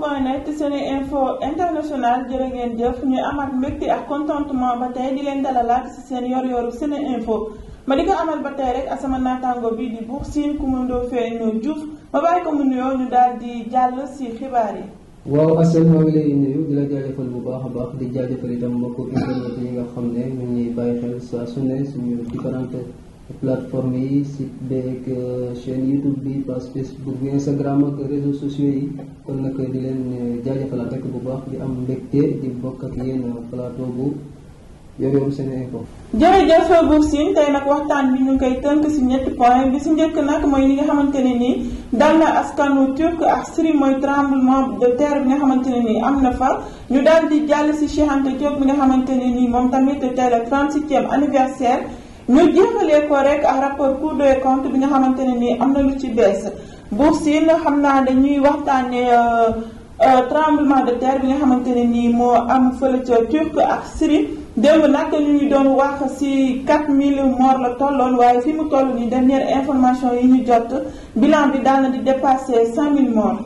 point net sene info international jërë ngeen jëf ñuy amaat mbégte ak contentement ba tey di leen dalalaat ci seen yor yoru sene info ma di ko amal ba tey rek asama naataango bi di Buur Siin Kumando Feeñu Juuf ma bàyyi ko mu nuyoo ñu daal di jàll ci xibaar yi waaw Assane maa ngi lay nuyu di la jaajëfal bu baax a baax di jaajëfal itam mbokku internet yi nga xam ne ñu ngi bàyyi xel saa su ne suñu différentes plateforme yi site beeg euh, chaîne YouTube bi page Facebook bi Instagram ak réseaux sociaux yi kon nag di leen euh, jaajëfalaat rek bu baax di am mbégte di bokk ak yéen plateau bu Yoor-Yooru SeneInfo. jërëjëf Buur Sine tey nag waxtaan bi ñu koy tënk si ñetti point bi si njëkk nag mooy li nga xamante ne nii dal na askanu turc ak Syrie mooy tremblement de terre bi nga xamante ne nii am na fa. ñu dal di jàll si Cheikh Anta Diop bi nga xamante ne nii moom tamit tey la 37e anniversaire. ñu jéemalee ko rek ak rapport Cour des comptes bi nga xamante ne nii am na lu ci bees bourse yi xam naa dañuy waxtaane euh, euh, tremblement de terre bi nga xamante ne nii moo am fële ca Turquie ak Syrie démb nag ñu ngi doon wax ci 4000 morts la tolloon waaye fi mu toll nii dernière information yi ñu jot bilan bi daal na di dépassé 5000 morts.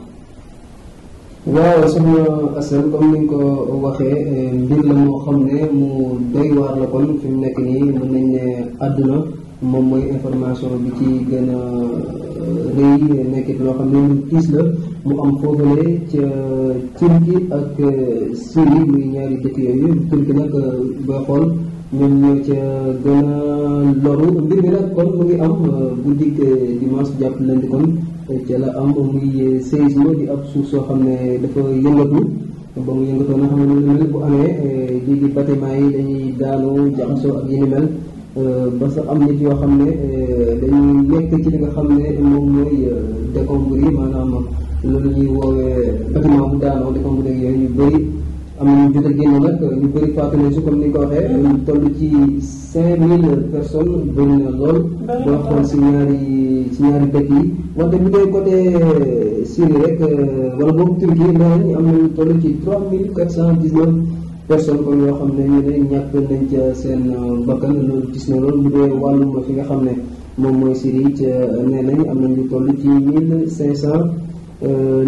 waaw sama asal comme ni nga ko waxee eh, mbir la moo xam ne mu doy waar la kon fi nekk nii mën nañ ne àdduna moom mooy information bi ci gën a eh, rëy nekkit loo xam ne lu tiis la mu am foofale ca Turki ak eh, Syrie muy ñaari dëkk yooyu Turki nag booy xool ñoom ñoo ca gën a loru mbir mi nag kon mu ngi am guddi dimanche jàpp lundi kon ca la am muy séisme di ab suuf soo xam ne dafa yëngatu ba mu yëngatoo na xam ne ni mel bu amee eh, léegi bâtiment yi dañuy daanu jaxasoo ak yi ni mel eh, ba sax am nit yoo xam ne eh, dañuy nekk ci li xam ne moom mooy décombre yi maanaam loolu ñuy woowee bâtiment bu daanoo décombre yooyu yu am nañu jot a génn nag ñu bëri faatu nañ si comme ni nga ko waxee toll ci cinq mille personnes bëri na lool boo xool si ñaari si ñaari dëkk yi wante bu dee côté euh, Syrie rek euh, wala boobu Turquie nee am nañu toll ci trois mille quatre cent dix neuf personnes comme yoo xam ne ñu ne ñàkk nañ ca seen euh, bakkan loolu gis na loolu bu dee wàllum fi nga xam ne moom mooy Syrie ca nee nañ am nañu toll ci mille cinq cent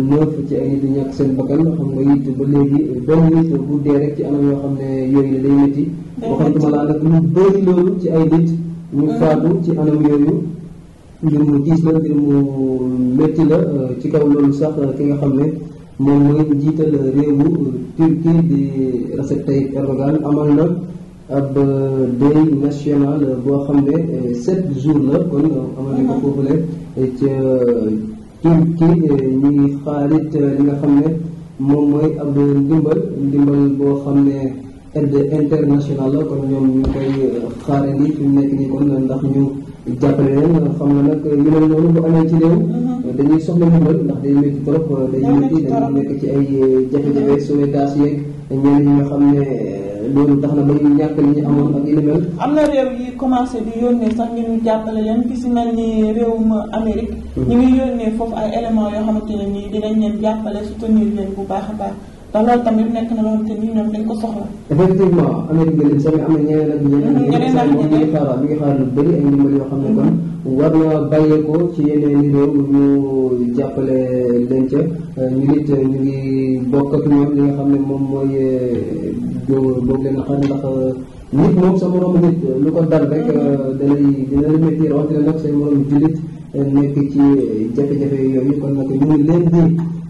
neuf ci ay nit ñàkk seen bakkan xam nga it ba léegi benn nit bu dee rek ci anam yoo xam ne yooyu la day métti waxantuma laa nag lu bëri loolu ci ay nit ñu mm. faatu ci anam yooyu ngir gis la ngir mu métti euh, ci kaw loolu sax euh, ki nga xam ne moom mooy njiital réewu euh, Turquie di Recep Tayyip Erdogan amal na ab day national boo xam ne sept jour la kon amal na ko mm-hmm. foofule ca kiim ki ñuy xaarit li nga xam ne moom mooy ab ndimbal ndimbal boo xam ne aide internationale la kon ñoom ñu koy eh, xaarandi fi mu nekk nii kon ndax ñu jàppale leen xam na nag yu mel noonu bu amee ci réew mhm. dañuy soxla ndimbal ndax dañu métti trop dañu métti dañu nekk ci ay eh, jafe-jafe sauvetage yeeg ñeneen ñi nga xam ne eh, loolu tax na ba ñu ñàkk li ñu amoon ak yu am na réew yi commencé di yónnee sax ngir ñu jàppale leen ki si mel ni réewum Amérique. Hmm. ñu ngi yónnee foofu ay éléments yoo xamante ne nii dinañ leen jàppale soutenir leen bu baax a baax. ndax loolu tamit nekk na loolu te ñun ñoom dañ ko soxla. effectivement Ameth Gueye soo na ñeneen ak ñeneen. ñeneen ak ñeneen ñu ngi xaar ñu ngi xaar lu bëri ay yoo xam ne kon mhm. war na bàyyeekoo ci yeneen i réew ñu jàppale leen ca euh, nga xam ne moom mooy boobu leen xar ndax euh, euh, mhm. nekk ci jafe-jafe yooyu kon nag ñu ngi leen di.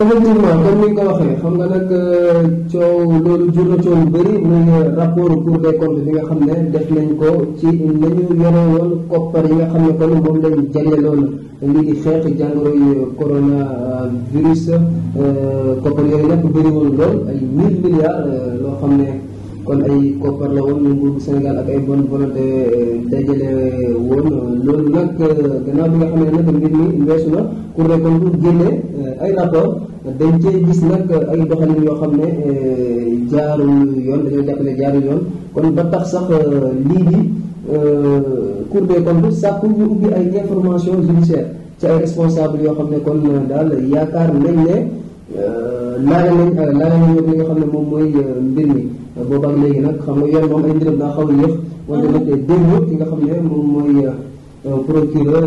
effectivement comme ni nga waxee xam nga nag euh, coow loolu jur na coow lu bëri muy rapport Cour des comptes bi nga xam ne def nañ ko ci nañu yore woon koppar yi nga xam ne kon moom lañ jagleeloon lii di xeex jàngoro yi coronavirus euh, koppar yooyu nag bëriwoon lool ay milliards euh, loo xam ne. kon ay koppar la woon ñu nguuru Sénégal ak ay bon volonté euh, dajale woon loolu nag euh, gannaaw bi nga xam ne nag mbir mi weesu na Cour des comptes génne euh, ay rapport dañ cee gis nag ay doxalin yoo xam ne jaarul yoon dañoo jàpp ne jaarul yoon kon ba tax sax lii di Cour des comptes sàkku ñu ubbi ay information judiciaire ci ay responsable yoo xam ne kon daal yaakaar nañ ne laaj nañ euh, laaj nañ li nga xam ne moom mooy euh, mbir mi euh, boobaak léegi nag xam nga yoon moom ay mbiram daa xaw a yëf wante nag démb ki nga xam ne moom mooy procureur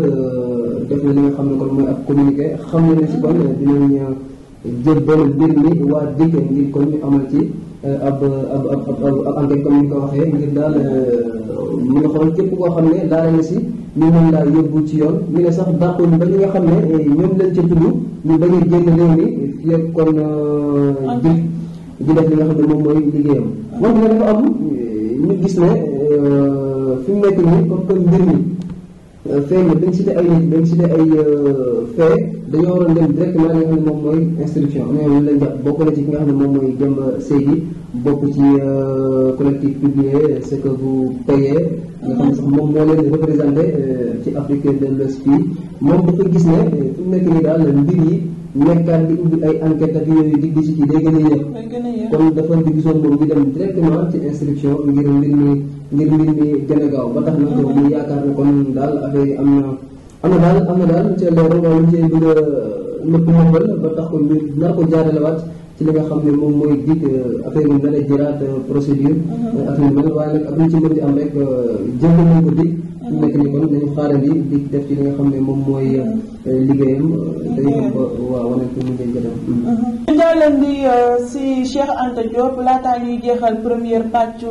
def na li nga xam ne kon mooy ab communiqué xam ne ne si kon dinañ jébbal mbir mi waa DIC ngir kon ñu amal ci ab ab ab ab enquête comme ni ko waxee ngir daal mën a xool képp koo xam ne daal na si ñu mën laa yóbbu ci yoon ñu ne sax dàqul ba ñi nga xam ne eh, ñoom lañ ca tudd ñu bañ a génn réew mi fii ak kon jëf euh, ji li nga xam ne moom mooy liggéeyam ah. wante nag dafa am eh, ñu gis ne euh, fi mu nekk nii comme que mbir mi Euh, feeñ na dañ cité ay ay euh, fee dañoo waroon dem directement li nga xam ne moom mooy instruction am na ñu leen bokk na ci ki nga xam ne moom mooy Demba euh, Seydi bokk ci collectif publier ce que vous payez nga xam ne sax moom moo leen représenté ci Afrique de l'Ouest fii moom dafa gis ne fu mu nekk nii daal mbir yi nekkaat di ubbi ay enquête ak yooyu di gis ci day gën a yéex kon dafa gisoon moom ñu dem directement ci instruction ngir mbir mi gën a gaaw ba tax na ko yaakaar ne kon daal affaire am na am na daal am na daal ci leeru waaye ñu cee bëgg a nëpp nëppal ba tax ko ñu nar ko jaaralewaat ci li nga xam ne moom mooy dikk euh, affaire yi nar a jëraat euh, procédure mhm. euh, affaire yi mel waaye nag ak lu ci mën di am rek jënd nañ ko dikk su nekk nii kon dañu xaarandi di def ci li nga xam ne moom mooy euh, liggéeyam dañu xam mhm. ba waaw wane ko mu jënd jëndam. ñu ñoo si Cheikh Anta Diop laataa ñuy jeexal première pàccu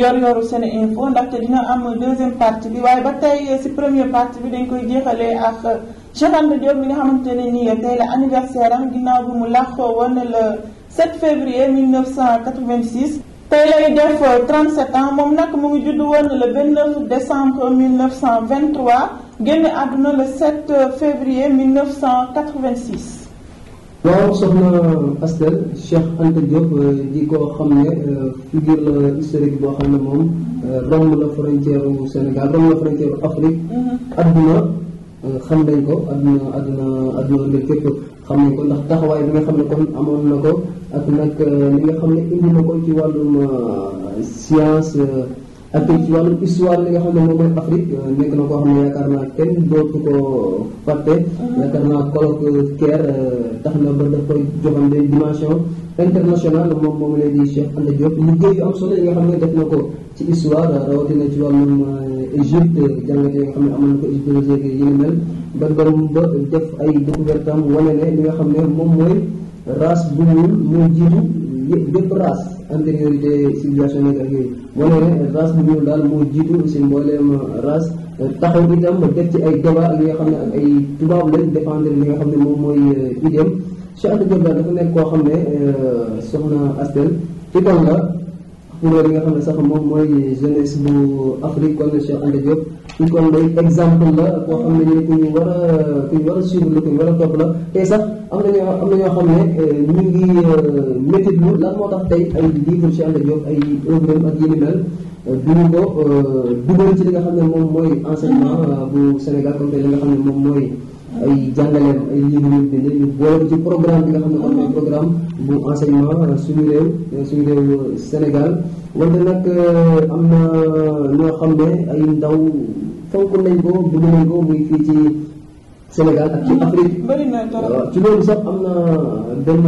yor-yoru seen info ndaxte dina am deuxième partie bi waaye ba tey euh, si première partie bi dañ koy jeexalee ak Cheikh Anta Diop mi nga xamante ne nii euh, tey la anniversaire am ginnaaw bi mu làqoo woon le 7 février te lay def 37 euh, ans moom nag mu ngi juddu woon le 29 décembre 1923 génn àdduna le 7 euh, février 1986. waaw soxna Astel Cheikh Anta Diop euh, di xam ne figure la historique boo xam ne moom romb na frontière Sénégal romb na frontière Afrique mm-hmm. adduna. xam nañ ko adduna adduna adduna nga xam nañ ko taxawaay bi nga xam ne kon amoon na ko ak nag euh, li nga xam ne indi na ko ci wàllum euh, science euh, ak ci wàllum histoire li nga xam ne moom mooy Afrique nekk na koo xam ne yaakaar naa kenn dootu ko fàtte ah. yaakaar naa colloque Caire tax na ba daf koy joxande dimension international moom moom lay di Cheikh Anta Diop liggéey am solo yi nga xam ne def na ko ci histoire rawatina ci wàllum euh, Égypte jàngate yi nga xam ne amoon na ko Égyptologie yi ni ay découverte am wane ne li nga xam ne moom mooy race bu ñuul mooy jiitu bépp race antériorité civilisation ak yooyu wane ne race bu ñuul daal moo jiitu si mbooleem race taxaw itam def ci ay débat ak li nga xam ne ak ay tubaab lañ défendre li nga xam ne moom mooy euh, idéem Cheikh Anta Diop daal dafa nekk koo xam ne euh, soxna Astel ci la kuréel yi nga xam ne sax moom mooy jeunesse bu Afrique kon Cheikh Anta Diop ci kaw day exemple la koo xam ne ñu ku ñu war a ku ñu war la ku ñu war a topp la tey sax am na ñoo xam ne euh, ñu ngi euh, métitlu lan moo tax tey ay livre Cheikh Anta Diop ay œuvre ak yéni mel duñu ko dugal ci li nga xam ne moom mooy enseignement bu Sénégal comme tey li nga xam ne moom mooy ay jàngaleem ay livre yu bind ñu boole ci programme bi nga xam ne am na programme bu enseignement suñu réew suñu réew Sénégal wante nag euh, am na ñoo ne ay ndaw fonk nañ ko i nañ ko i fii ci Sénégal ak ci ci loolu sax am na benn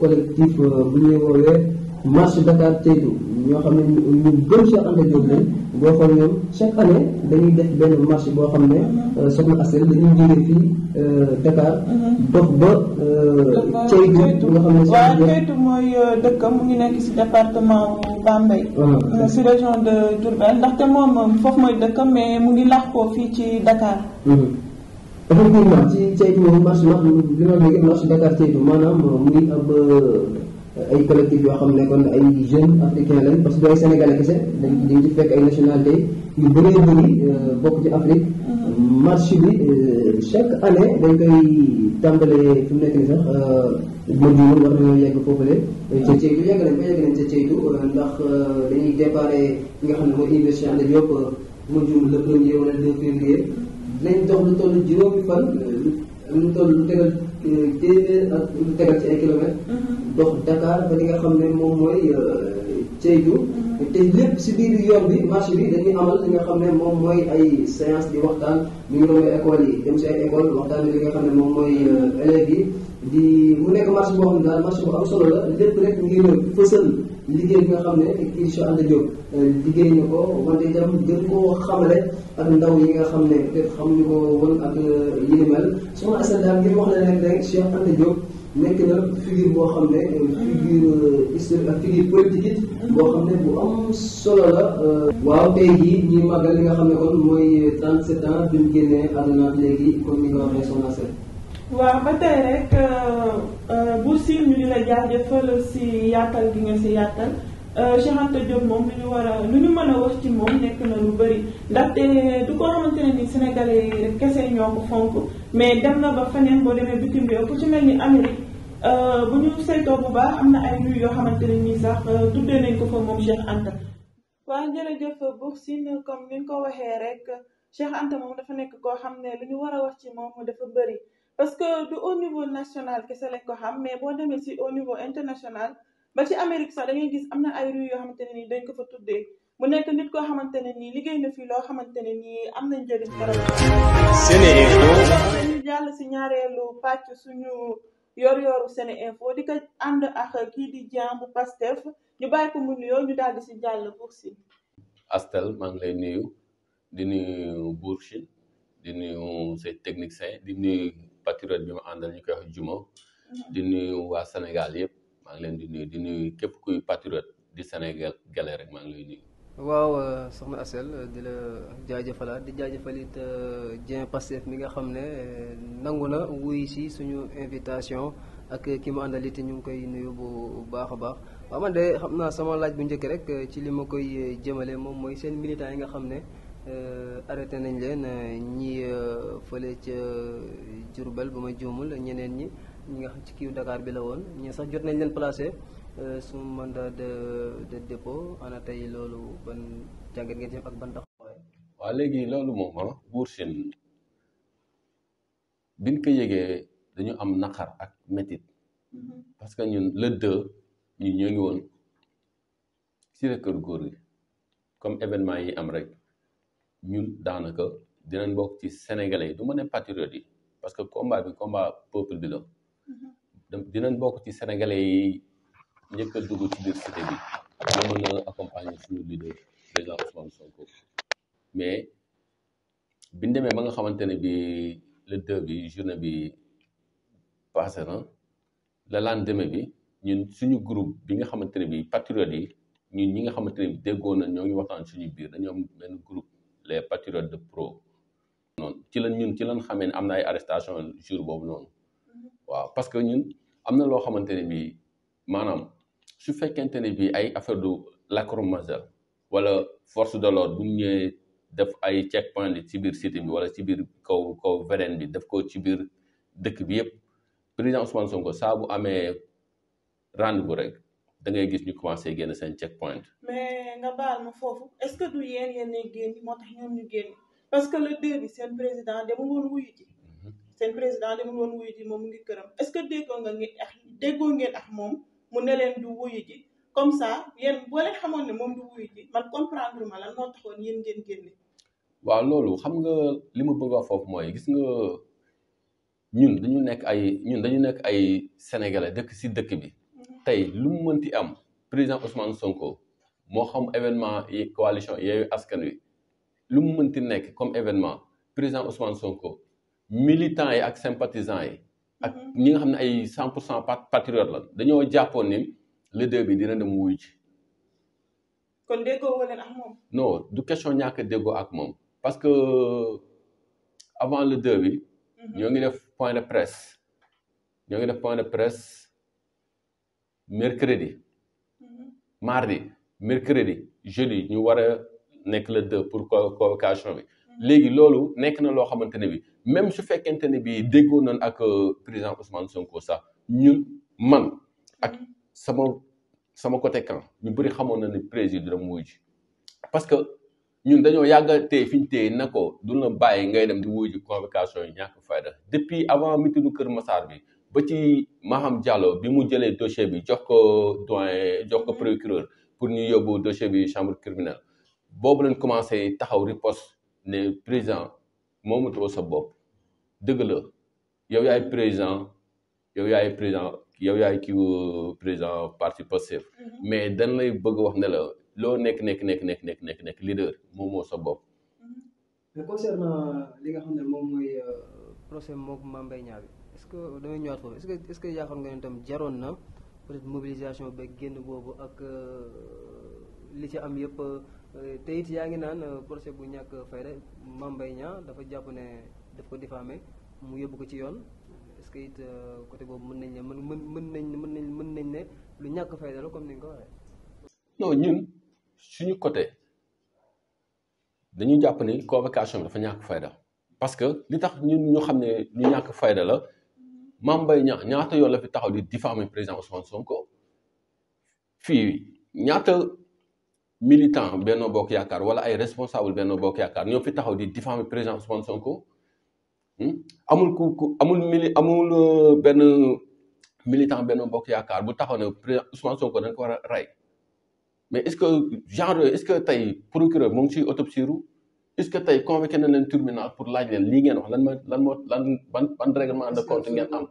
collectif euh, bu ñuy woowee marche Dakar Teetu ñoo xam ne ñu gëm Cheikh Anta Diop lañ boo xool ñoom chaque année dañuy def benn marche boo xam ne euh, soxna Asel dañuy de fii euh, Dakar mhm. dox ba Teetu euh, nga xam ne waaw mooy dëkkam mu ngi nekk si département Bambey ah, si région de Diourbel mu ngi lax koo fii ci Dakar mhm. effectivement ci Teetu moom marche marche li ma déggee marche Dakar Teetu maanaam mu ngi ab ay collectif yoo xam ne kon ay jeunes africains lañ parce que dooy sénégalais kese dañ dañ ci fekk ay yu bëree bëri euh, bokk ci Afrique uh-huh. marche bi euh, chaque année dañ koy tàmbalee fi mu nekk ni sax euh, ma juumul war nañoo yegg foofule ca Ceytu yegg nañ ba yegg nañ ca Ceytu ndax dañuy déparé nga xam ne mooy université Anta Diop ma juumul le premier wala le deux février uh-huh. dinañ dox lu toll juróomi fan lu toll lu téeméer ak lu tegal ci ay kilomètres. dox Dakar ba li nga xam ne moom mooy Thiédou. Euh, mm-hmm. te lépp si biir yoon bi marché bi dañuy amal li nga xam ne moom mooy ay séance di waxtaan ñu ngi romb école yi dem si ay école waxtaan bi li nga xam ne moom mooy euh, élèves yi di mu nekk marché boo xam ne daal marché bu am solo la lépp rek ngir fësal. liggéey bi nga xam ne kii Cheikh Anta Diop euh, liggéey na ko wante itam gën koo xamale ak ndaw yi nga xam ne peut-être ñu ko woon ak euh, yi mel soxna Assane daal ngir wax la rek rek Cheikh Anta Diop nekk na figure boo xam ne euh, figure historique boo xam ne bu am solo la waaw tey gii ñuy màggal li nga xam ne kon mooy 37 ans bi mu léegi comme ni nga waxee soxna Assane waaw ba tey rek euh, euh, bu siim ñu di la jaajëfal si yaatal gi nga si yaatal euh, Cheikh Anta Diop moom lu ñu war a lu ñu mën a wax ci moom nekk na lu bëri ndaxte du ko xamante ne ni Sénégalais kese ñoo ko fonk mais dem na ba feneen boo demee bitim réew ko ci mel ni Amérique bu ñu saytoo bu baax am na ay nuyu yoo xamante ne nii sax tuddee nañ ko fa moom Cheikh Anta. waaw jërëjëf Boury Sine comme ni nga ko waxee rek Cheikh Anta moom dafa nekk koo xam ne lu ñu war a wax ci moom dafa bëri. parce que du au niveau national kese lañ ko xam mais boo demee si au niveau international ba ci Amérique sax da ngay gis am na ay rue yoo xamante ne nii dañ ko fa tuddee mu nekk nit koo xamante ne nii liggéey na fii loo xamante ne nii am na njëriñ trop. Seneinfo. ñu jàll si ñaareelu pàcc suñu yor-yoru Seneinfo di ko ànd ak kii di Dieng bu Pastef ñu bàyyi ko mu nuyoo ñu daal di si jàll pour si. Astel maa ngi lay nuyu di nuyu Bourchine di patriote bi ma àndal ñu koy wax mhm. di nuyu waa Sénégal yëpp maa ngi leen di nuyu di nuyu képp kuy patriote di Sénégal gale rek maa ngi lay nuyu. waaw euh, soxna Asel euh, di la jaajëfalaat di jaajëfalit euh, Dieng Pastef mi nga xam ne nangu na wuy si suñu invitation ak ki mu àndal it ñu ngi koy nuyu bu baax a baax waaw man de xam naa sama laaj bu njëkk rek ci li ma koy jëmale moom mooy seen militant yi nga xam ne. Euh, arrêté nañ leen euh, ñi euh, fële ca Diourbel ba ma juumul ñeneen ñi ñu nga xam ci kiiw Dakar bi la woon ñi sax jot nañ leen placé su mandat de de dépôt tey loolu ban jàngat ngeen jëf ak ban taxawaay. waaw léegi loolu moom ah Buur Sine biñ ko yëgee dañu am naqar ak metit mm-hmm. parce que ñun le ñu ñoo ngi woon ci la kër gi comme événement yi am rek. ñu daanaka dinañ bokk ci sénégalais yi du ma ne patriote yi parce que combat bi combat peuple bi la mhm. dinañ bokk ci sénégalais yi njëkk a dugg ci biir cité bi ñu mën a accompagner suñu leader président Ousmane mais biñ demee ba nga xamante ne bi le bi journée bi passé na le lendemain bi ñun suñu groupe bi nga xamante ne bi patriote yi ñun ñi nga xamante ne bi déggoo ñoo ngi waxtaan suñu biir dañoo am benn groupe les patriotes de pro noonu ci lañ ñun ci lañ xamee ne am na ay arrestation jour boobu noonu mm-hmm. waaw parce que ñun am na loo xamante ne bii maanaam su fekkente ne bii ay affaire du lacrymogène wala force de l'ordre bu ñu def ay check point ci biir cité bi wala ci biir kaw kaw VDN bi def ko ci biir dëkk bi yëpp président Ousmane Sonko saa bu amee rend bu rek da ngay gis ñu commencé génn seen check point. mais nga baal ma foofu est-ce que du yéen yéen a génn moo tax ñoom ñu génn parce que le deux bi seen président demul woon wuyu ji. Mhm. seen président demul ji moom mu ngi këram est-ce que déggoo nga ngi ax déggoo ngeen ak moom mu ne leen du wuyu ji comme ça yéen boo leen xamoon ne moom du wuyu ji man comprendre ma lan moo taxoon yéen ngeen génne. waaw loolu xam nga li ma bëgg foofu mooy gis nga ñun dañu nekk ay ñun dañu nekk ay sénégalais dëkk si dëkk bi. tey lu mu mënti am président Ousmane Sonko moo xam événement yi coalition yooyu Askan Wi lu mu mun mënti nekk comme événement président Ousmane Sonko militants yi ak sympathisants yi ak mhm. ñi nga xam ne ay 100 pour cent patriote la dañoo jàppoon ni le deux bi dina dem wuyu ci. kon déggoo wala ak moom. non du question ñàkk déggoo ak moom parce que avant le deux bi. Mhm. ñoo ngi def point de presse. ñoo ngi def point de presse. mercredi mardi mercredi jeudi ñu war a nekk le deux pour convocation bi léegi loolu nekk na loo xamante ne bi même su fekkente ne bi déggoo nañ ak euh, président Ousmane Sonko sax ñun man ak sama sama côté camp ñu bëri xamoon na ni président mu wuy ji parce que ñun dañoo yàgg a téye fi ñu téye na ko du la bàyyi ngay dem di wuy ji convocation yi ñàkk fayda depuis avant mitingu Kër Massar bi ba ci Maham Diallo bi mu jëlee dossier bi jox ko doyen jox ko mm-hmm. procureur pour ñu yóbbu dossier bi chambre criminelle boobu lañ commencé taxaw riposte ne président moomutoo sa bopp dëgg la yow yaay président yow yaay président yow yaay kii euh, président parti Pastef mm-hmm. mais dañ lay bëgg wax ne la loo nekk nekk nekk nekk nekk nekk nekk leader moomoo sa bopp. Mm-hmm. moom mooy euh, procès moom Mame Mbaye Niang est-ce que damay ñëwaat foofu est-ce que est-ce nga ne tam jaroon na peut-être mobilisation beeg génn boobu ak euh, li ci am yëpp euh, te yaa ngi naan euh, procès bu ñàkk fayda Mame Mbaye Niang dafa jàpp ne daf ko diffamé mu yóbbu ko ci yoon est-ce que it côté boobu mën nañ ne mën mën nañ mën nañ mën nañ ne lu ñàkk fayda la comme ni nga ko waxee non ñun suñu côté dañu jàpp ni convocation bi dafa ñàkk fayda parce que li tax ñun ñu xam ne lu ñàkk fayda la Mame Mbaye Niang ñaata yoon fi taxaw di diffamer président Ousmane Sonko fii ñaata militant Benno Bokk Yaakaar wala ay responsable Benno Bokk Yaakaar ñoo fi taxaw di diffamer président Ousmane Sonko hmm? amul ku amul mili amul euh, benn militant Benno Bokk Yaakaar bu taxaw ne président Sonko dañ ko war a rey mais est-ce que genre est-ce que tey procureur mu ngi est-ce que tey convoqué na leen tribunal pour laaj leen lii ngeen wax lan ma lan moo lan ban ban règlement de compte ngeen am.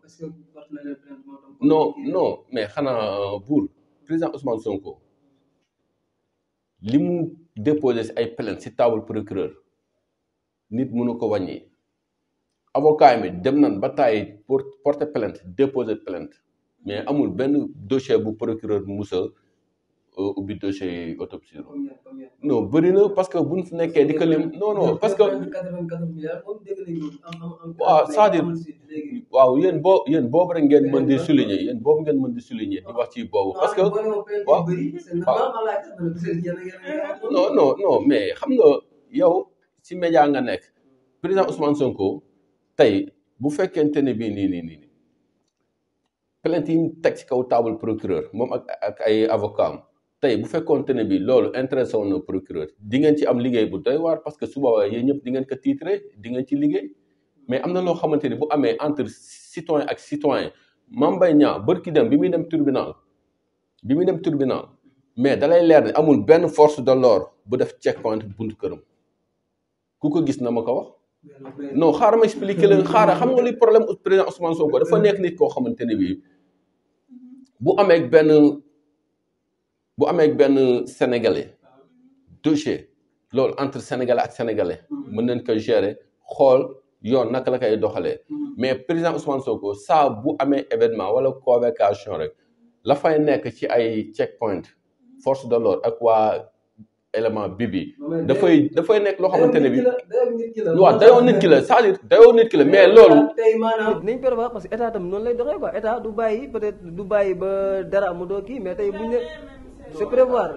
non non mais xanaa euh, buur président Ousmane Sonko li mu déposé si ay plainte si table procureur nit mënu ko wàññi avocat mi dem nan ba taay porte plainte déposé plainte mais amul benn dossier bu procureur Moussa. Euh, ubbi dossier yi autopsie non bëri na parce que buñ fi nekkee di ko lim non non parce que waaw cest dire waaw yéen boo yéen boobu rek ngeen mën di souligner yéen boobu ngeen mën di souligner di wax ci boobu parce que ah, waaw non non non mais xam nga yow ci média nga nekk président Ousmane Sonko tey bu fekkente ne bii nii nii nii plainte yi teg ci kaw table procureur moom ak ak ay avocat tey bu fekkoonte ne bi loolu intéressé na procureur di ngeen ci am liggéey bu doy waar parce que suba waa yéen ñëpp di ngeen ko titré di ci liggéey mais am na loo xamante ni bu amee entre citoyen ak citoyen Mame Mbaye Niang bërki dem bi muy dem tribunal bi muy dem tribunal mais dalay leer ne amul benn force de l'ordre bu def check point buntu këram ku ko gis na ma ko wax non xaaral ma expliqué leen xaaral xam nga luy problème président Ousmane Sonko dafa nekk nit koo xamante ne bi bu amee bu amee benn sénégalais dossier loolu entre sénégalais ak sénégalais mën nañ ko gérer xool yoon naka la koy doxalee mais président Ousmane Sonko saa bu amee événement wala convocation rek la fay nekk ci ay check point force de l'ordre ak waa élément bibi dafay dafay nekk loo xamante ne bi waaw dayoo nit ki la c'est-à-dire nit ki la mais lool nañ prévoir parce que état tam noonu lay doxee quoi état du bàyyi ba dara mu doo kii mais tey buñ ne c'est prévoir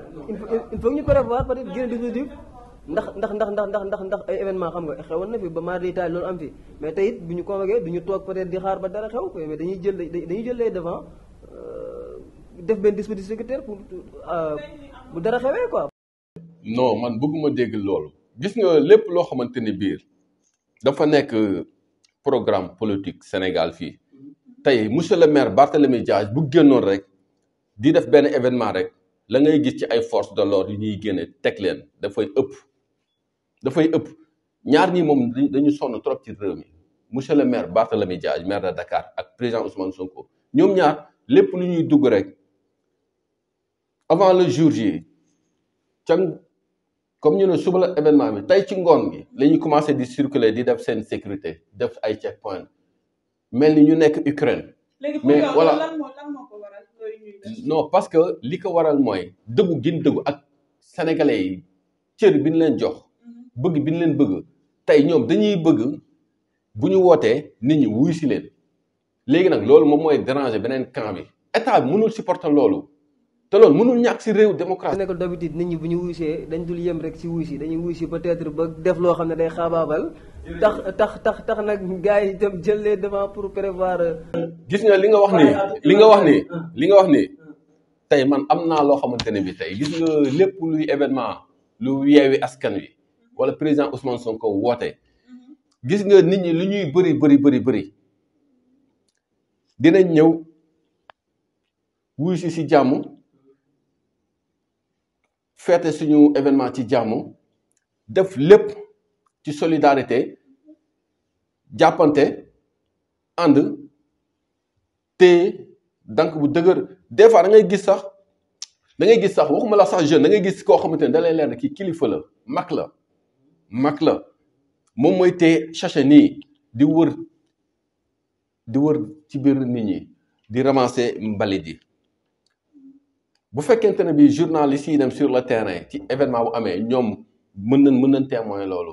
il faut ñu prévoir peut être génne dispositif ndax ndax ndax ndax ndax ndax ndax ay événement xam nga xew xewoon na fi ba maar détail loolu am fi mais tey it bu ñu convoqué du ñu toog peut di xaar ba dara xew ko mais dañuy jël dañuy jël les devant euh, def benn dispositif sécuritaire pour euh, bu dara xewee quoi. non man bëgguma dégg loolu gis nga lépp loo xamante ni biir dafa nekk programme politique Sénégal fii tey monsieur le maire Barthélémy Dias bu génnoon rek di def benn événement rek la ngay gis ci ay force de l'ordre yi ñuy génne teg leen dafay ëpp dafay ëpp ñaar nii moom dañu sonn trop ci réew mi monsieur le maire Barthélemy Diaz maire de Dakar ak président Ousmane Sonko ñoom ñaar lépp lu ñuy dugg rek avant le jour J can comme ñu ne suba la événement bi tey ci ngoon gi la ñuy commencé di circuler di def seen sécurité def ay checkpoint mel ni ñu nekk Ukraine mais voilà non parce que li ko waral mooy dëggu gin dëggu ak sénégalais yi cër bi ñu leen jox bëgg bi ñu leen bëgg tey ñoom dañuy bëgg bu ñu wootee nit ñi wuy si leen léegi nag loolu moom mooy déranger beneen camp bi état bi mënul supporter loolu te loolu mënul ñàkk si réew démocratie nekk d'habitude nit ñi bu ñu wuysee dañ dul yem rek si wuy si dañuy wuy si peut ba def loo xam ne day xaabaabal tax tax tax tax nag gars yi dem jël les pour prévoir. Euh, gis nga li nga wax nii ah, ah, li nga wax ni ah. li nga wax nii tey man am naa loo xamante ne bi tey gis nga lépp luy événement lu yeewi askan wi wala président Ousmane Sonko woote gis nga nit ñi lu ñuy bëri bëri bëri bëri dinañ ñëw wuyu si si jàmm feete suñu événement ci jàmm def lépp. ci solidarité jàppante ànd te dank bu dëgër des fois da ngay gis sax dangay gis sax waxuma la sax jeune da ngay gis koo xamante ne da lay leer ne kii kilifa la mag la mag la moom mooy téye sachet nii di wër di wër ci biir nit ñi di ramasser mbalit yi bu fekkente ne bi journaliste yi dem sur le terrain ci événement bu amee ñoom mën nañ mën nañ témoin loolu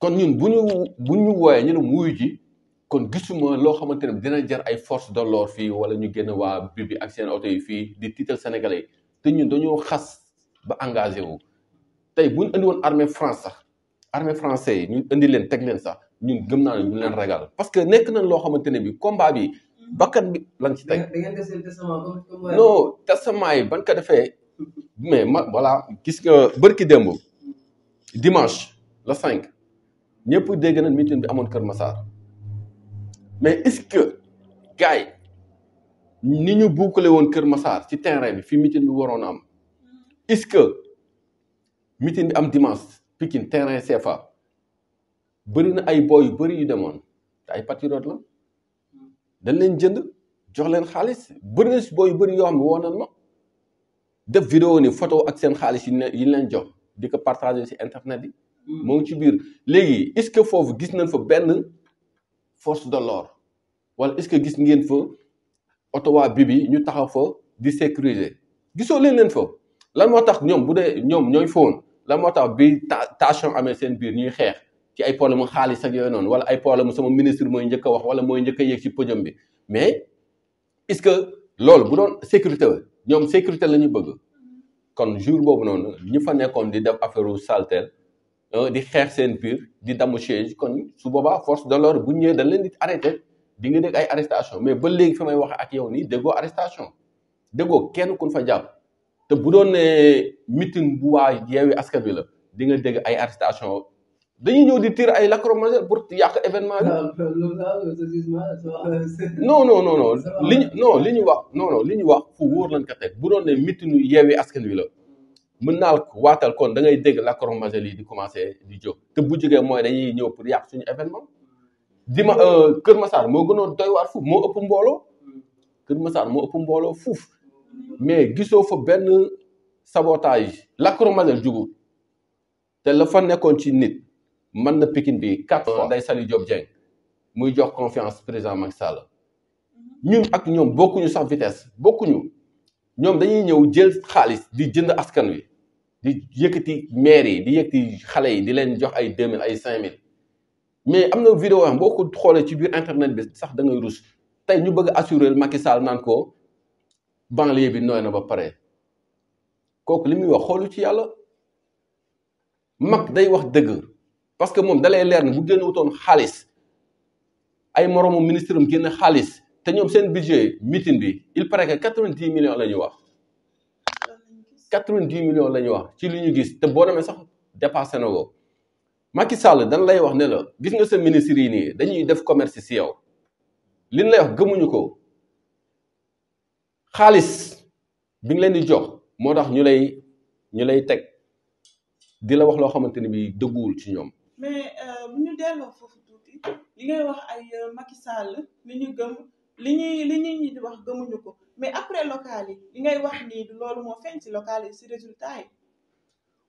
kon ñun bu ñu bu ñu wooyee ñu ne mu ji kon gisuma loo xamante ne dina jar ay force de l'ordre fii wala ñu génn waa bi ak seen oto yi fii di tiital sénégalais te ñun dañoo xas ba engagé wu. tey bu ñu indi woon armée France sax armée français yi ñu indi leen teg leen sax ñun gëm naa ne ñu leen ragal parce que nekk nañ loo xamante ne bi combat yi bakkan bi lañ ci teg. da ngeen def seen testament non yi ban ko defee mais ma voilà gis nga bërki démb dimanche la 5. ñëpp dégg na meeting bi amoon Kër Massar mais est-ce que gars ni ñu boucler woon Kër Massar ci terrain bi fi meeting bi waroon am est-ce que meeting bi am dimanche Pikine terrain CFA bëri na ay boy yu bëri yu demoon te ay patriote la dañ leen jënd jox leen xaalis bëri na si boy yu bëri yoo xam ne woo nañ ma def vidéo ni photo ak seen xaalis yi ñu leen jox di ko partager si internet yi. moo ngi ci biir léegi est-ce que foofu gis nañ fa benn force de l'ordre wala est-ce que gis ngeen fa oto waa bi ñu taxaw fa di sécuriser gisoo leen leen fa lan moo tax ñoom bu dee ñoom ñooy foon lan moo tax bi tension amee seen biir ñuy xeex ci ay mu xaalis ak yooyu noonu wala ay mu sama ministre mooy njëkk wax wala mooy njëkk a yéeg ci podium bi mais est-ce que loolu bu doon sécurité ñoom sécurité la bëgg kon jour boobu noonu ñu fa nekkoon di def affaire u saltel Euh, di xeex seen biir di damm siège kon su boobaa force de l'ordre bu ñëwee dañ leen di arrêté di nga dégg ay arrestation mais ba léegi fi may wax ak yow nii déggoo arrestation déggoo kenn kun fa jàpp te bu doon ne meeting bu waa yeewi askan bi la di nga dégg ay arrestation dañuy ñëw di tiir ay lacrymogène pour yàq événement bi. non non non non li ñu non li ñu wax non li ñu wax fu wóor lañ ko teg bu doon ne meeting yeewi askan wi la. mën naa waatal kon da ngay dégg lacrymogène yi di commencé di jóg te bu jógee mooy dañuy ñëw pour yàq suñu événement dima euh, Kër Massar moo gënoon doy waat fuuf moo ëpp mbooloo Kër Massar moo ëpp mbooloo fuuf mais gisoo fa benn sabotage lacrymogène jugul te la fa nekkoon ci nit mën na pikin bi quatre fois day Sali Diop Dieng muy jox confiance président Macky Sall ñun ak ñoom bokkuñu sax vitesse bokkuñu ñoom dañuy ñëw jël xaalis di jënd askan wi di yëkkati maire yi di yëkkati xale yi di leen jox ay 2000 ay 5000 mais am na vidéo yoo mboo ko xoolee ci biir internet bi sax dangay ngay tey ñu bëgg a assurer Macky Sall naan ko banlieue bi nooy na ba pare kooku li muy wax xoolu ci yàlla mag day wax dëgg parce que moom dalay leer ne bu génn wutoon xaalis ay moroomu ministre am génn xaalis te ñoom seen budget meeting bi il paraît que quatre-vingt-dix millions la ñuy wax. quatre-vingt-dix millions la ñu wax ci li ñu gis te boo demee sax dépassé na ko Macky Sall dañ lay wax ne la gis nga sa ministre yi nii dañuy def commerce si yow liñ lay wax gëmuñu ko xaalis bi nga leen di jox moo tax ñu lay ñu lay teg di la wax loo xamante ni bi dëgguwul ci ñoom. mais euh, bu ñu delloo foofu tuuti li ngay wax ay euh, Macky Sall ñu gëm. li ñuy li ñuy ñi wax gëmuñu ko mais après local yi li ngay wax nii loolu moo feeñ si local yi si résultat yi.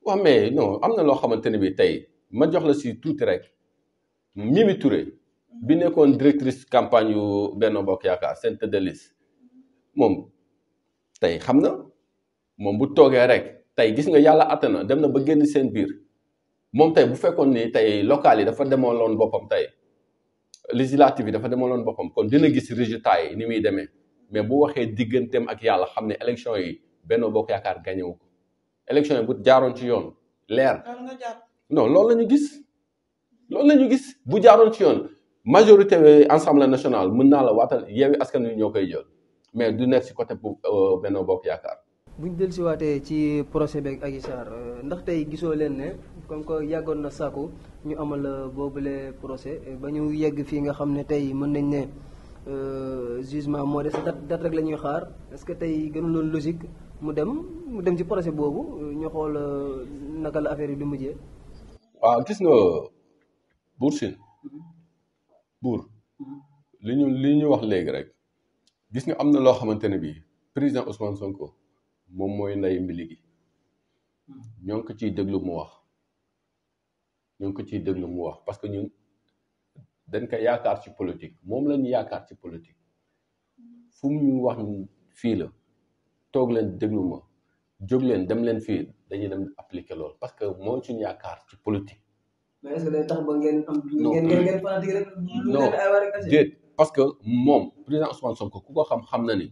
waaw mais non am na loo xamante ne bi tey ma jox la si tuuti rek Mimi Touré bi nekkoon directrice campagne yu Benno Bokk Yaakaar seen tête moom tey xam na moom bu toogee rek tey gis nga yàlla attan na dem na ba génn seen biir moom tey bu fekkoon ni tey local yi dafa demoon loon boppam tey. législative yi dafa demaloon boppam kon dina gis résultat yi ni muy demee mais bu waxee digganteem ak yàlla xam ne élection yi benn Bokk Yaakaar gagné wu ko élection yi bu jaaroon ci yoon leer. non loolu la ñu gis. loolu la ñu gis bu jaaroon ci yoon majorité Assemblée national mën naa la waatal Yewwi Askan Wi ñoo koy jël mais du nekk si côté bu euh, benn Bokk Yaakaar. bu ñu dellusiwaatee ci procès beeg Adji Sarr euh, ndax tey gisoo leen ne comme que yàggoon na sàkku ñu amal euh, boobule procès euh, ba ñu yegg fii nga xam ne tey mën nañ ne jugement moo des dat dat rek la ñuy xaar est-ce que tey gënuloon logique mu dem mu dem ci procès boobu ñu xool naka la affaire yi di mujjee. waaw gis nga buur buur li ñu li ñu wax léegi rek gis nga am na loo xamante ne bii président Ousmane Sonko. moom mooy nday mbili gi hmm. ñoo ngi ko ciy déglu mu wax ñoo ngi ko ciy déglu mu wax parce que ñu dañ ko yaakaar ci politique moom lañu yaakaar ci politique fu mu ñu wax fii la toog leen déglu ma jóg leen dem leen fii dañuy dem appliquer loolu parce que mooy ci politique. mais est-ce que day tax ba ngeen am. parce que moom président Ousmane Sonko ku ko xam xam na ni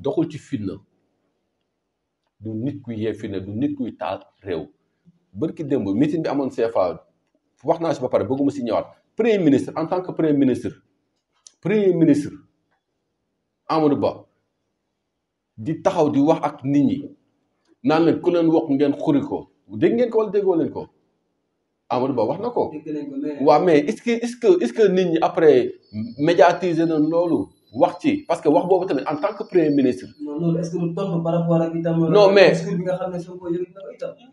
doxul ci fitna. du nit ku yee fi ne du nit kuy taal réew bërki démb meeting bi amoon CFA wax naa si ba pare bëgguma si ñëwaat premier ministre en tant que premier ministre premier ministre Amadou Ba di taxaw di wax ak nit ñi naan leen ku leen wax ngeen xuri ko dégg ngeen ko wala déggoo leen ko Amadou Ba wax na ko. waaw mais est-ce que est-ce que est-ce que nit ñi après médiatiser na loolu. wax ci parce que wax boobu tamit en tant que premier ministre. non non est-ce que lu tontu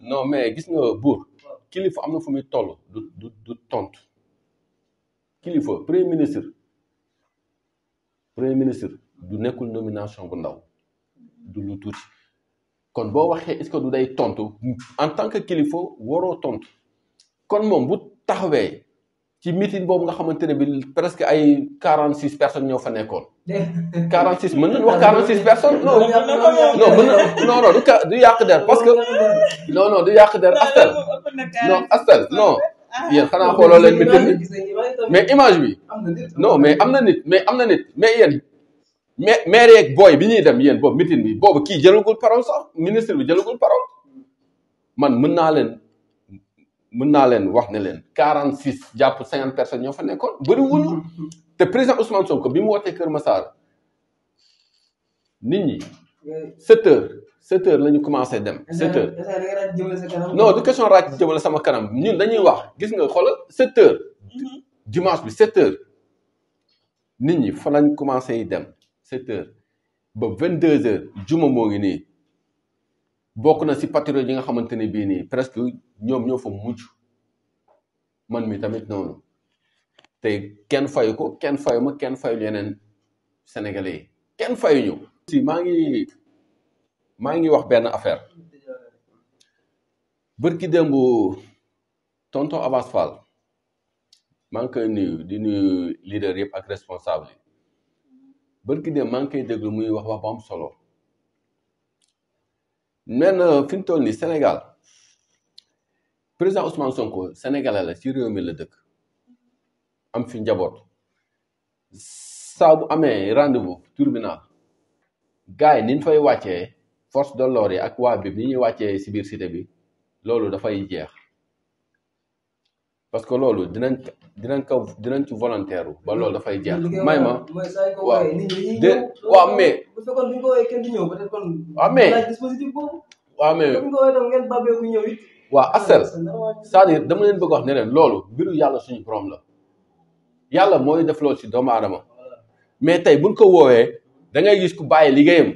euh, mais gis nga buur. kilifa am na fu muy toll du du kilifa premier ministre premier ministre du nekkul nomination bu ndaw du lu tuuti kon boo waxee est-ce que du day tontu en tant que kilifa waroo tontu kon moom bu taxawee. ci meeting boobu nga xamante ne bi presque ay 46 personnes ñoo fa nekkoon. 46 mën nañu wax 46 personnes. non non non mën na non non du ka du yàq der parce que. non non du yàq der astel. non astel non. Ah. yéen xanaa xooloo leen meeting bi mais image bi. non mais am na nit mais am na nit mais yéen. mais maire yeeg booy bi ñuy dem yéen boobu meeting bi boobu kii jëlagul parole sax ministre bi jëlagul parole man mën naa leen. mën naa leen wax ne leen quarante six jàpp cinquante personnes ñoo fa nekkoon bëri wuñu te président Ousmane ko bi mu wootee Kër Massar nit ñi sept heures sept heures la ñu commencé dem sept heures non du question raaj jëmale sama kanam ñun dañuy wax gis nga xoolal sept heures mhm. dimanche bi sept heures nit ñi fa lañ commencé yi dem sept heures ba vingt deux heures juma moo ngi nii bokk na si patriote yi nga xamante ne bii nii presque ñoom ñoo fa mujj man mi tamit noonu te kenn fayu ko kenn fayu ma kenn fayu yeneen sénégalais yi kenn fayu ñu. maa ngi maa ngi wax benn affaire bërki démb tonton Abass Fall maa ngi koy nuyu di nuyu leader yëpp ak responsable yi bërki démb maa ngi koy déglu muy wax wax bu am solo. nee euh, na fi mu toll nii Sénégal président Ousmane Sonko sénégalais la ci réew mi la dëkk am fi njaboot saa bu amee rendez-vous tribunal gars yi ni ñu fay wàccee force de l'ordre yi ak waa bi bi ñuy wàccee si biir cité bi loolu dafay jeex. parce que loolu dinañ dinañ ko dinañ ci volontaire wu ba loolu mm. dafay jeex. may ma waaw de waaw mais. waaw mais ah, dispositif boobu. dama leen bëgg wax ne leen loolu mbiru yàlla suñu borom la yàlla mooy def loolu si doomu aadama mais tey buñ ko woowee da ngay gis ku bàyyi liggéeyam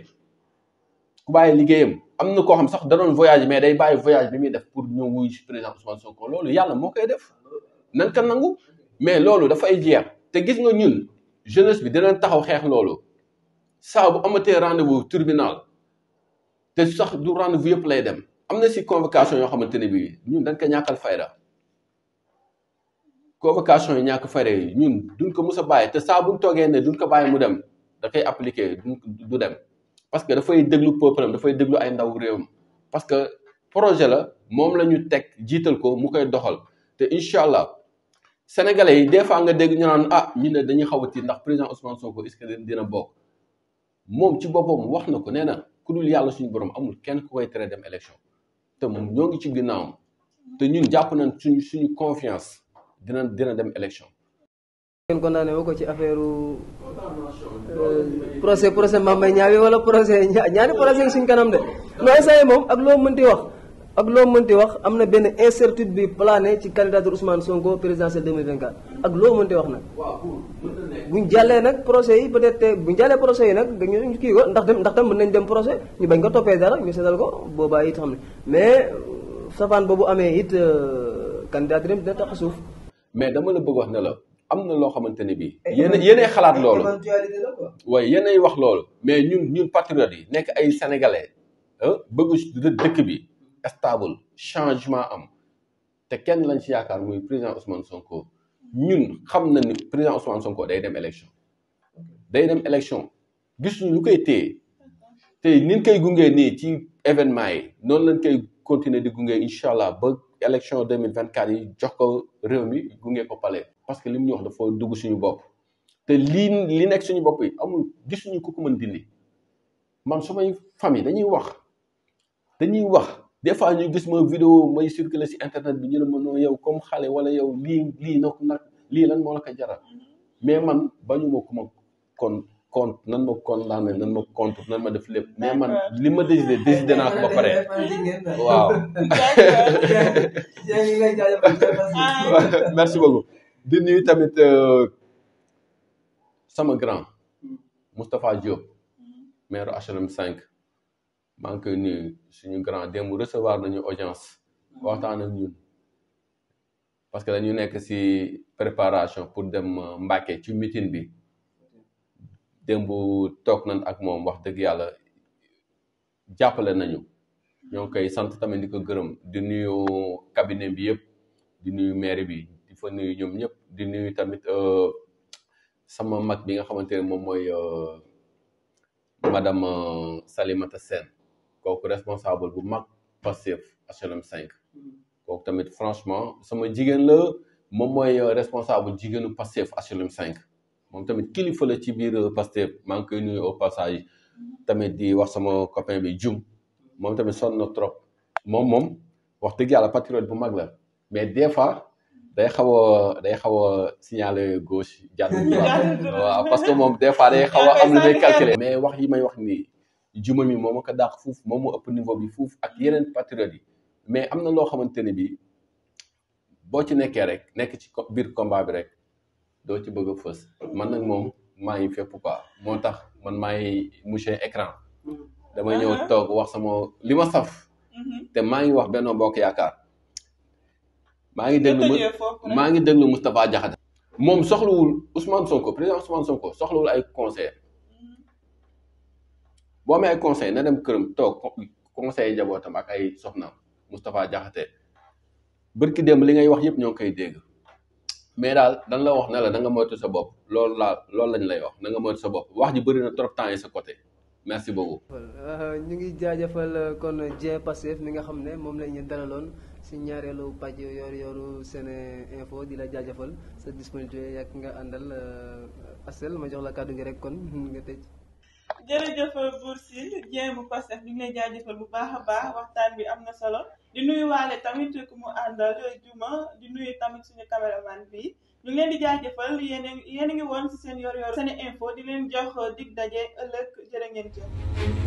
ku bàyyi liggéeyam. am na koo xam sax da doon voyage mais day bàyyi voyage bi muy def pour ñëw wuy si président Ousmane Sonko loolu yàlla moo koy def nan ka nangu mais loolu dafay jeex te gis nga ñun jeunesse bi dinañ taxaw xeex loolu saa bu amatee rendez-vous tribunal te sax du rendez-vous yëpp lay dem am na si convocation yoo xamante ne bii ñun dañ ko ñàkkal fayda convocation yi ñàkk fayda yi ñun duñ ko mës a bàyyi te saa buñ toogee ne duñ ko bàyyi mu dem da koy appliquer du dem parce que dafay déglu peuple am dafay déglu ay ndaw réewam parce que projet la moom la ñu teg jiital ko mu koy doxal te incha allah sénégalais yi des fois nga dégg ñu naan ah ñu ne dañuy xaw a tiit ndax président Ousmane soo ko ce que dina bokk moom ci boppam wax na ko nee na ku dul yàlla suñu borom amul kenn ku koy tere dem élection te moom ñoo ngi ci ginnaawam te ñu jàpp nañ suñu suñu confiance dina dina dem élection. ngeen condamné woo ko ci affaire euh, procès procès Mame Mbaye Niang wala procès ñaari procès yi suñ kanam de non instant moom ak loo mënti wax ak loo mënti wax am na benn incertitude bi plané ci candidature Ousmane Sonko présidentielle 2024 ak loo mënti wax nag. buñ jàllee nag procès yi peut-être bu jàllee procès yi nag ñu kii ko ndax dem ndax tam mën nañ dem procès ñu bañ nga toppee dara ñu seetal ko boobaa it xam ne mais euh, safaan boobu amee it euh, candidature dina tax suuf. mais dama la bëgg wax ne la. am na loo xamante ne bii. Eh, yéen yéenay xalaat loolu waaye yéenay wax loolu mais ñun ñun patriotes yi nekk ay sénégalais bëgg dëkk bi stable changement am te kenn lañ ci yaakaar muy président Ousmane Sonko ñun xam na ni président Ousmane Sonko day dem élection day dem élection gis ñu lu koy téye te nin koy gunge nii ci événement yi noonu lañ koy continuer di gungee incha allah mille vingt 2024 yi jox ko réew mi gunge ko pale parce que li mu ñu wax dafa dugg suñu bopp te lii li nekk suñu bopp yi amul gisuñu ku ko mën dindi man sumay famille dañuy wax dañuy wax des fois ñu gis ma vidéo may circuler si internet bi ñu ne ma yow comme xale wala yow lii lii nag nag lii lan moo la jara jaral mm-hmm. mais man bañu ma ko kon compte nan ma condamné nan ma compte nan ma def lépp mais man li ma décidé décidé naa ko ba pare waaw ah. merci beaucoup di nuyu tamit euh, sama grand Moustapha Diop maire HLM cinq maa ngi suñu grand démb recevoir nañu audience waxtaan ak ñun parce que dañu nekk si préparation pour dem euh, Mbacké ci meeting bi démb toog nañ ak moom wax dëgg yàlla jàppale nañu ñoo ngi koy sant tamit di ko gërëm di nuyu cabinet bi yëpp di nuyu maire bi. fa nuyu ñoom ñëpp di nuyu tamit euh, sama mag bi nga xamante ne moom mooy euh, madame euh, Salimata Sène kooku responsable bu mag Pastef HLM 5 kooku tamit franchement sama jigéen la moom mooy responsable jigéenu Pastef HLM 5 moom tamit kilifa la ci biir Pastef maa ngi koy nuyu au passage tamit di wax sama copain bi Dioum moom tamit sonn trop moom moom wax dëgg yàlla patriote bu mag la mais des day um xaw um e a day xaw a signaler gauche jàddu waaw parce que moom des fois day xaw a am lu may calculer mais wax yi may wax nii juma mi moom ko dàq fuuf moom moo ëpp niveau bi fuuf ak yeneen patriotes yi mais am na loo xamante ne bi boo ci nekkee rek nekk ci biir combat bi rek doo ci bëgg a fës man nag moom maa ngi fépp quoi moo tax man maa ngi moucher écran damay ñëw toog wax sama li ma saf te maa ngi wax Benno Bokk Yaakaar maa ngi déglu maa ngi déglu Moustapha Diakhaté moom soxlawul Ousmane Sonko président Ousmane Sonko soxlawul ay conseil boo amee ay conseil na dem këram toog conseil njabootam ak ay soxnaam Moustapha Diakhaté bërki démb li ngay wax yëpp ñoo ngi koy dégg mais daal dañ la wax ne la da nga moytu sa bopp loolu laa loolu lañ lay wax na nga moytu sa bopp wax ji bëri na trop temps yi sa côté merci beaucoup. Euh, ñu ngi jaajëfal euh, kon Dieng Pastef mi nga xam ne moom la ñu dalaloon. si ñaareelu pàcc yor yoru Sene Info di la jaajëfal sa disponibilité ak nga àndal euh, Asel ma jox la kàddu gi rek kon nga tëj. jërëjëf Bour Sine Dieng bu Pastef ñu ngi jaajëfal bu baax a baax waxtaan bi am na solo di nuyu waale tamit ku mu àndal juma di nuyu tamit suñu caméraman bi ñu ngi leen di jaajëfal yéen a a ngi woon si seen yor-yor Sene Info di leen jox dig daje ëllëg jërë ngeen jëf.